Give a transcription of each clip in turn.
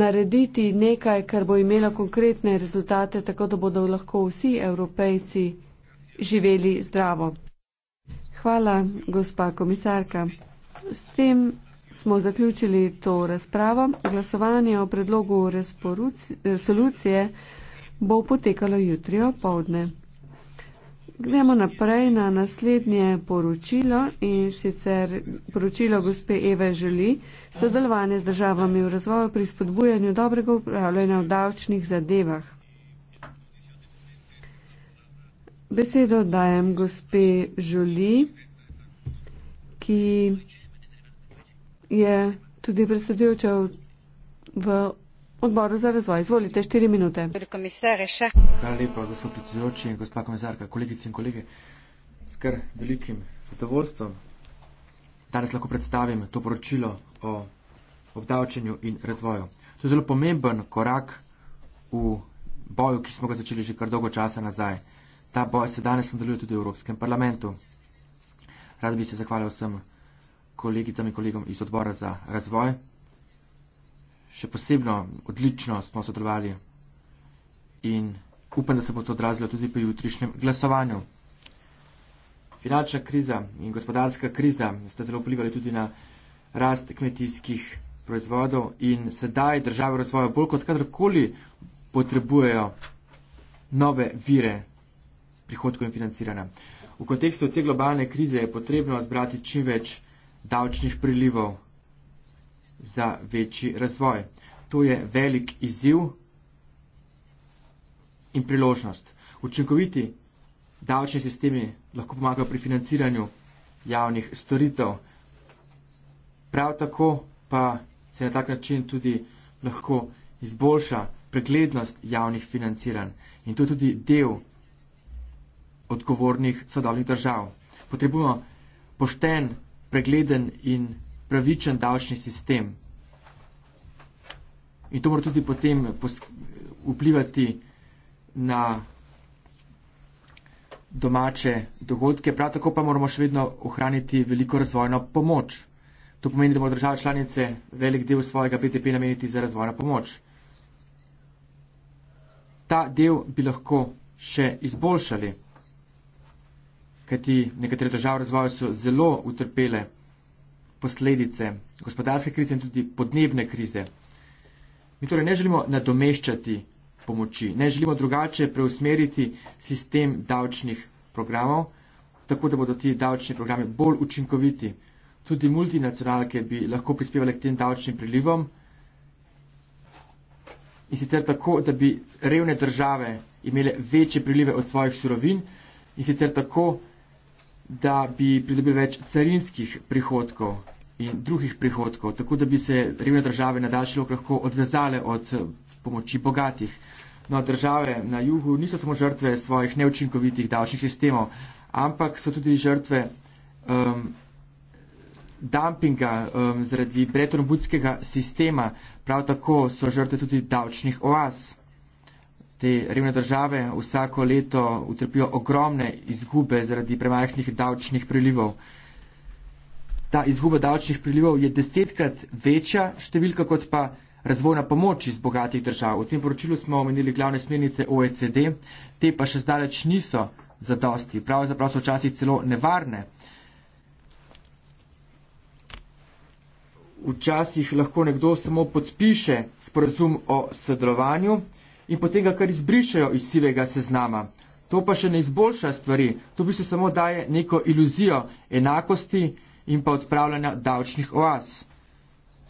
narediti nekaj, kar bo imelo konkretne rezultate, tako da bodo lahko vsi evropejci živeli zdravo. Hvala, gospa komisarka. S tem smo zaključili to razpravo. Glasovanje o predlogu resolucije bo potekalo jutri o povdne. Gremo naprej na naslednje poročilo in sicer poročilo gospe Eve Želi, sodelovanje z državami v razvoju pri spodbujanju dobrega upravljanja v davčnih zadevah. Besedo dajem gospe Želi, ki je tudi predsedujoča v odboru za razvoj. Izvolite, štiri minute. Hvala lepa, gospod predsedujoči in gospa komisarka, kolegice in kolege. S kar velikim zadovoljstvom danes lahko predstavim to poročilo o obdavčenju in razvoju. To je zelo pomemben korak v boju, ki smo ga začeli že kar dolgo časa nazaj. Ta boj se danes nadaljuje tudi v Evropskem parlamentu. Rad bi se zahvalil vsem kolegicam in kolegom iz odbora za razvoj, še posebno odlično smo sodelovali in upam, da se bo to odrazilo tudi pri jutrišnjem glasovanju. Finančna kriza in gospodarska kriza sta zelo vplivali tudi na rast kmetijskih proizvodov in sedaj države razvoja bolj kot kadarkoli potrebujejo nove vire prihodkov in financiranja. V kontekstu te globalne krize je potrebno zbrati čim več davčnih prilivov za večji razvoj. To je velik izziv in priložnost. Učinkoviti davčni sistemi lahko pomagajo pri financiranju javnih storitev. Prav tako pa se na tak način tudi lahko izboljša preglednost javnih financiranj. In to je tudi del odgovornih sodobnih držav. Potrebujemo pošten, pregleden in pravičen davčni sistem. In to mora tudi potem vplivati na domače dogodke. Prav tako pa moramo še vedno ohraniti veliko razvojno pomoč. To pomeni, da mora država članice velik del svojega BDP nameniti za razvojno pomoč. Ta del bi lahko še izboljšali, kajti nekatere države v razvoju so zelo utrpele posledice gospodarske krize in tudi podnebne krize. Mi torej ne želimo nadomeščati pomoči, ne želimo drugače preusmeriti sistem davčnih programov, tako da bodo ti davčni programi bolj učinkoviti. Tudi multinacionalke bi lahko prispevali k tem davčnim prilivom in sicer tako, da bi revne države imele večje prilive od svojih surovin in sicer tako, da bi pridobili več carinskih prihodkov in drugih prihodkov, tako da bi se revne države na daljši rok lahko odvezale od eh, pomoči bogatih. No, države na jugu niso samo žrtve svojih neučinkovitih davčnih sistemov, ampak so tudi žrtve um, dumpinga um, zaradi bretonobudskega sistema. Prav tako so žrtve tudi davčnih oaz. Te revne države vsako leto utrpijo ogromne izgube zaradi premajhnih davčnih prilivov ta izguba davčnih prilivov je desetkrat večja številka kot pa razvojna pomoč iz bogatih držav. V tem poročilu smo omenili glavne smernice OECD, te pa še zdaleč niso zadosti, pravzaprav so včasih celo nevarne. Včasih lahko nekdo samo podpiše sporazum o sodelovanju in potem ga kar izbrišajo iz sivega seznama. To pa še ne izboljša stvari, to v bistvu samo daje neko iluzijo enakosti, in pa odpravljanja davčnih oaz.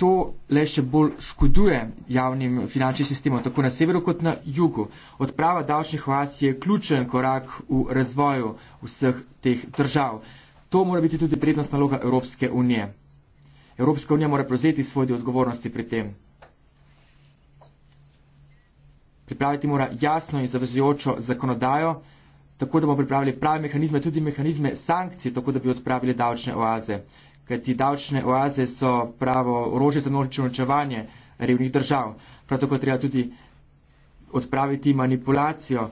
To le še bolj škoduje javnim finančnim sistemom, tako na severu kot na jugu. Odprava davčnih oaz je ključen korak v razvoju vseh teh držav. To mora biti tudi prednost naloga Evropske unije. Evropska unija mora prevzeti svoje odgovornosti pri tem. Pripraviti mora jasno in zavezujočo zakonodajo, tako da bomo pripravili prave mehanizme, tudi mehanizme sankcij, tako da bi odpravili davčne oaze. Ker ti davčne oaze so pravo orožje za množično očevanje revnih držav. Prav tako treba tudi odpraviti manipulacijo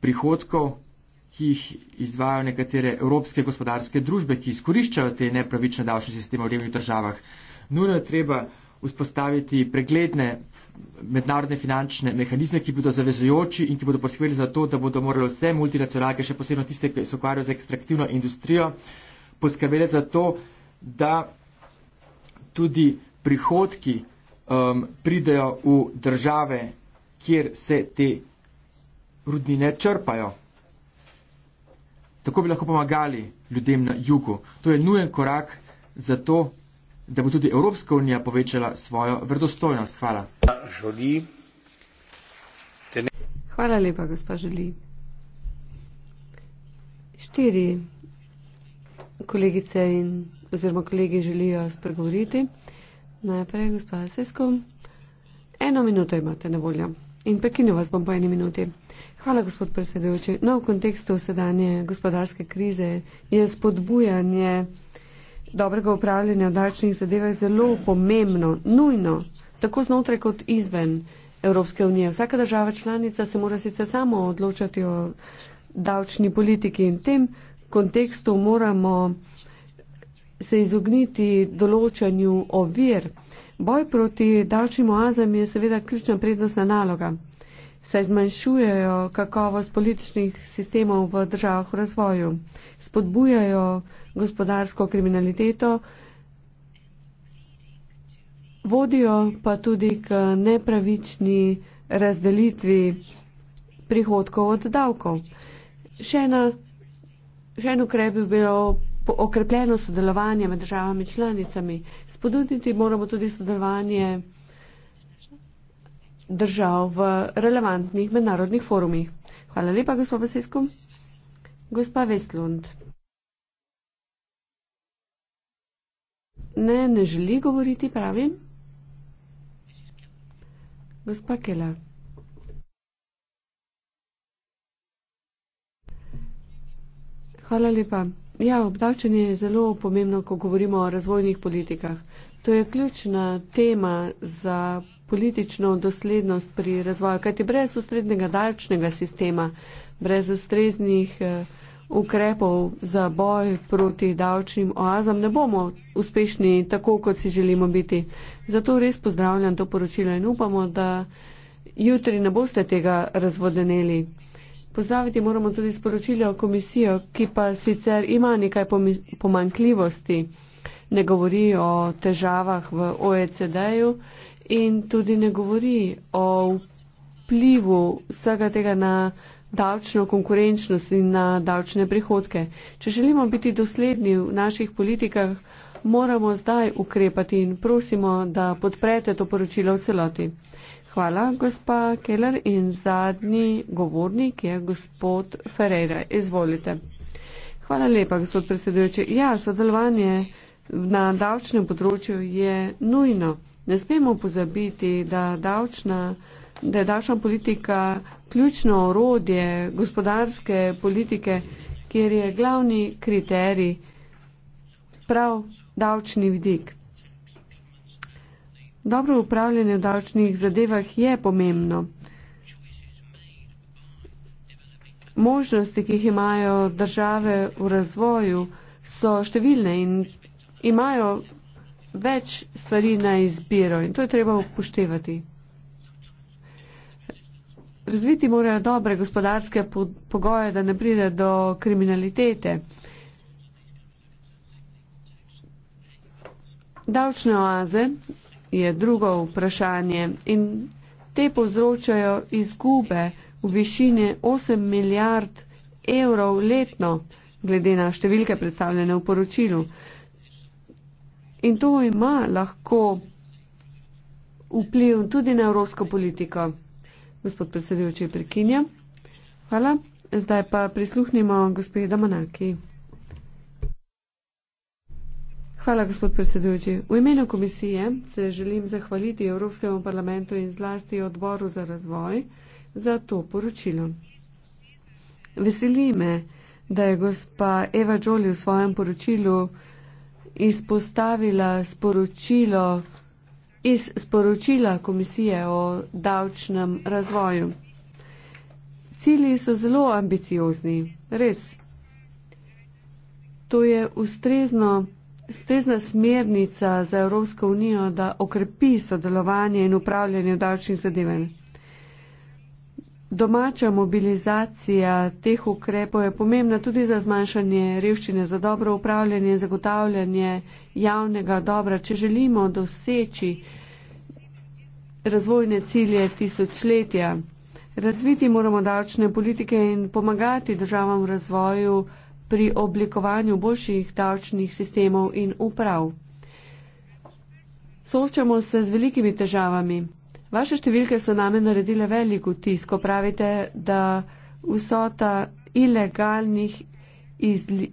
prihodkov, ki jih izvajo nekatere evropske gospodarske družbe, ki izkoriščajo te nepravične davčne sisteme v revnih državah. Nujno je treba vzpostaviti pregledne mednarodne finančne mehanizme, ki bodo zavezujoči in ki bodo poskrbeli za to, da bodo morali vse multinacionalke, še posebej tiste, ki se ukvarjajo z ekstraktivno industrijo, poskrbeli za to, da tudi prihodki um, pridejo v države, kjer se te rudnine črpajo. Tako bi lahko pomagali ljudem na jugu. To je nujen korak za to, da bo tudi Evropska unija povečala svojo vrdostojnost. Hvala. Hvala lepa, gospa Želi. Štiri kolegice in oziroma kolegi želijo spregovoriti. Najprej gospa Sesko. Eno minuto imate na voljo in prekinil vas bom po eni minuti. Hvala, gospod predsedujoči. No, v kontekstu sedanje gospodarske krize je spodbujanje dobrega upravljanja v davčnih zadevah zelo pomembno, nujno, tako znotraj kot izven Evropske unije. Vsaka država članica se mora sicer samo odločati o davčni politiki in v tem kontekstu moramo se izogniti določanju ovir. Boj proti davčnim oazam je seveda ključna prednostna naloga, saj zmanjšujejo kakovost političnih sistemov v državah v razvoju, spodbujajo gospodarsko kriminaliteto, vodijo pa tudi k nepravični razdelitvi prihodkov od davkov. Še, ena, še en ukrep bi bilo okrepljeno sodelovanje med državami članicami. Spodbuditi moramo tudi sodelovanje držav v relevantnih mednarodnih forumih. Hvala lepa, gospod Vesesko. Gospa Vestlund. Ne, ne želi govoriti, pravim. Gospa Kela. Hvala lepa. Ja, obdavčenje je zelo pomembno, ko govorimo o razvojnih politikah. To je ključna tema za politično doslednost pri razvoju, kajti brez ustreznega davčnega sistema, brez ustreznih. Eh, ukrepov za boj proti davčnim oazam ne bomo uspešni tako, kot si želimo biti. Zato res pozdravljam to poročilo in upamo, da jutri ne boste tega razvodeneli. Pozdraviti moramo tudi sporočilo komisijo, ki pa sicer ima nekaj pomankljivosti, ne govori o težavah v OECD-ju in tudi ne govori o vplivu vsega tega na davčno konkurenčnost in na davčne prihodke. Če želimo biti dosledni v naših politikah, moramo zdaj ukrepati in prosimo, da podprete to poročilo v celoti. Hvala, gospa Keller. In zadnji govornik je gospod Ferreira. Izvolite. Hvala lepa, gospod predsedujoči. Ja, sodelovanje na davčnem področju je nujno. Ne smemo pozabiti, da davčna da je davčna politika ključno orodje gospodarske politike, kjer je glavni kriterij prav davčni vidik. Dobro upravljanje v davčnih zadevah je pomembno. Možnosti, ki jih imajo države v razvoju, so številne in imajo več stvari na izbiro in to je treba upoštevati. Razviti morajo dobre gospodarske pogoje, da ne pride do kriminalitete. Davčne oaze je drugo vprašanje in te povzročajo izgube v višini 8 milijard evrov letno, glede na številke predstavljene v poročilu. In to ima lahko vpliv tudi na evropsko politiko gospod predsedujoči, prekinjam. Hvala. Zdaj pa prisluhnimo gospoda Manaki. Hvala, gospod predsedujoči. V imenu komisije se želim zahvaliti Evropskemu parlamentu in zlasti odboru za razvoj za to poročilo. Veseli me, da je gospa Eva Džoli v svojem poročilu izpostavila sporočilo iz sporočila Komisije o davčnem razvoju. Cilji so zelo ambiciozni, res. To je ustrezno, ustrezna smernica za Evropsko unijo, da okrepi sodelovanje in upravljanje davčnih zadevanj. Domača mobilizacija teh ukrepov je pomembna tudi za zmanjšanje revščine, za dobro upravljanje in zagotavljanje javnega dobra, če želimo doseči razvojne cilje tisočletja. Razviti moramo davčne politike in pomagati državam v razvoju pri oblikovanju boljših davčnih sistemov in uprav. Soočamo se z velikimi težavami. Vaše številke so name naredile veliko tisko. Pravite, da vsota ilegalnih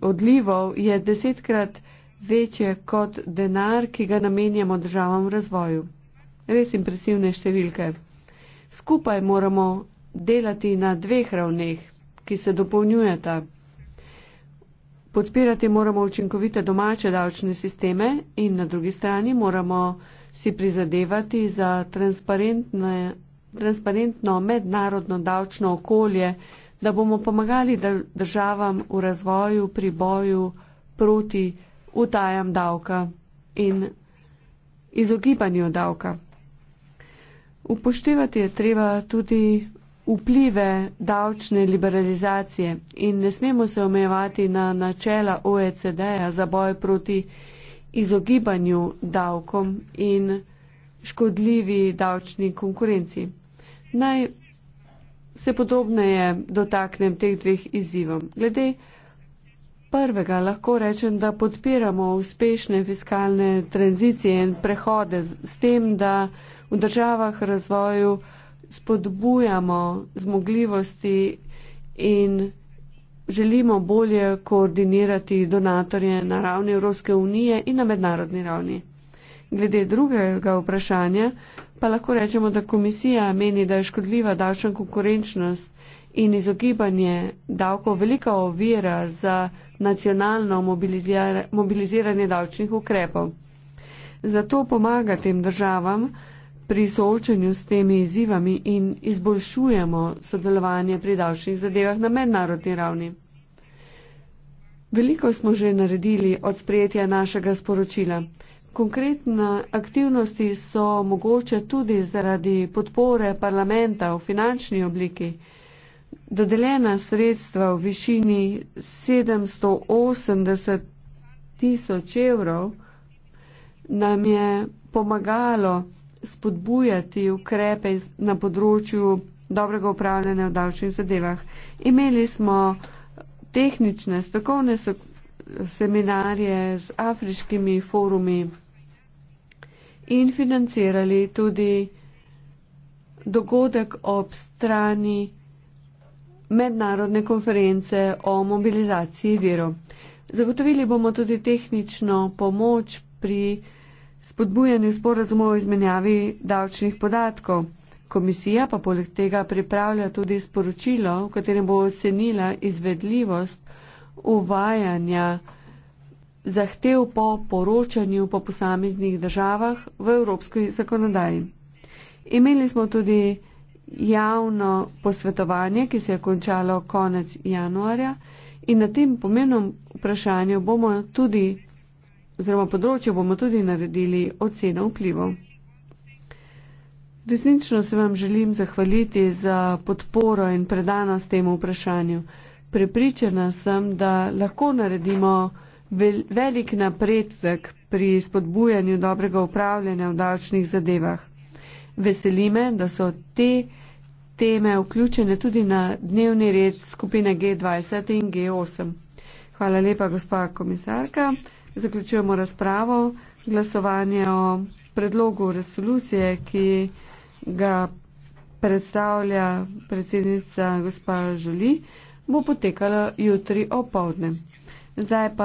odlivov je desetkrat večje kot denar, ki ga namenjamo državam v razvoju. Res impresivne številke. Skupaj moramo delati na dveh ravneh, ki se dopolnjujeta. Podpirati moramo učinkovite domače davčne sisteme in na drugi strani moramo si prizadevati za transparentno mednarodno davčno okolje, da bomo pomagali državam v razvoju pri boju proti utajam davka in izogibanju davka. Upoštevati je treba tudi vplive davčne liberalizacije in ne smemo se omejevati na načela OECD-ja za boj proti izogibanju davkom in škodljivi davčni konkurenci. Naj se podobneje dotaknem teh dveh izzivom. Glede prvega lahko rečem, da podpiramo uspešne fiskalne tranzicije in prehode s tem, da v državah razvoju spodbujamo zmogljivosti in želimo bolje koordinirati donatorje na ravni Evropske unije in na mednarodni ravni. Glede drugega vprašanja pa lahko rečemo, da komisija meni, da je škodljiva davčna konkurenčnost in izogibanje davkov velika ovira za nacionalno mobiliziranje davčnih ukrepov. Zato pomaga tem državam, pri soočanju s temi izzivami in izboljšujemo sodelovanje pri davčnih zadevah na mednarodni ravni. Veliko smo že naredili od sprejetja našega sporočila. Konkretne aktivnosti so mogoče tudi zaradi podpore parlamenta v finančni obliki. Dodelena sredstva v višini 780 tisoč evrov nam je pomagalo spodbujati ukrepe na področju dobrega upravljanja v davčnih zadevah. Imeli smo tehnične, strokovne seminarje z afriškimi forumi in financirali tudi dogodek ob strani mednarodne konference o mobilizaciji virov. Zagotovili bomo tudi tehnično pomoč pri spodbujanju sporazumov o izmenjavi davčnih podatkov. Komisija pa poleg tega pripravlja tudi sporočilo, v katerem bo ocenila izvedljivost uvajanja zahtev po poročanju po posameznih državah v evropski zakonodaji. Imeli smo tudi javno posvetovanje, ki se je končalo konec januarja in na tem pomembnem vprašanju bomo tudi oziroma področju bomo tudi naredili oceno vplivov. Resnično se vam želim zahvaliti za podporo in predanost temu vprašanju. Prepričana sem, da lahko naredimo velik napredek pri spodbujanju dobrega upravljanja v davčnih zadevah. Veseli me, da so te teme vključene tudi na dnevni red skupine G20 in G8. Hvala lepa, gospa komisarka zaključujemo razpravo, glasovanje o predlogu resolucije, ki ga predstavlja predsednica gospa Žoli, bo potekalo jutri o povdne. Zdaj pa